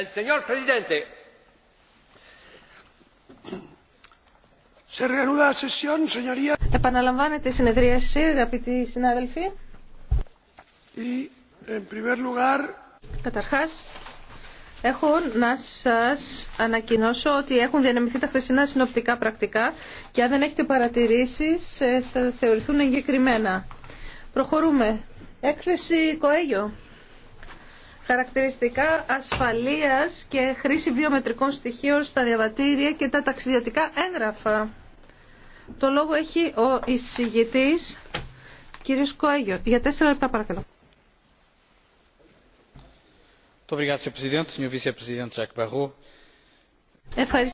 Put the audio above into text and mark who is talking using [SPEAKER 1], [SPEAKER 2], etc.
[SPEAKER 1] El señor presidente.
[SPEAKER 2] Επαναλαμβάνεται η αγαπητοί συνάδελφοι.
[SPEAKER 1] Καταρχά
[SPEAKER 2] Καταρχάς, έχω να σας ανακοινώσω ότι έχουν διανεμηθεί τα χθεσινά συνοπτικά πρακτικά και αν δεν έχετε παρατηρήσεις ε, θα θεωρηθούν εγκεκριμένα. Προχωρούμε. Έκθεση Κοέγιο χαρακτηριστικά ασφαλείας και χρήση βιομετρικών στοιχείων στα διαβατήρια και τα ταξιδιωτικά έγγραφα. Το λόγο έχει ο εισηγητής, κύριος Κοέγιο. Για τέσσερα λεπτά παρακαλώ. Ευχαριστώ.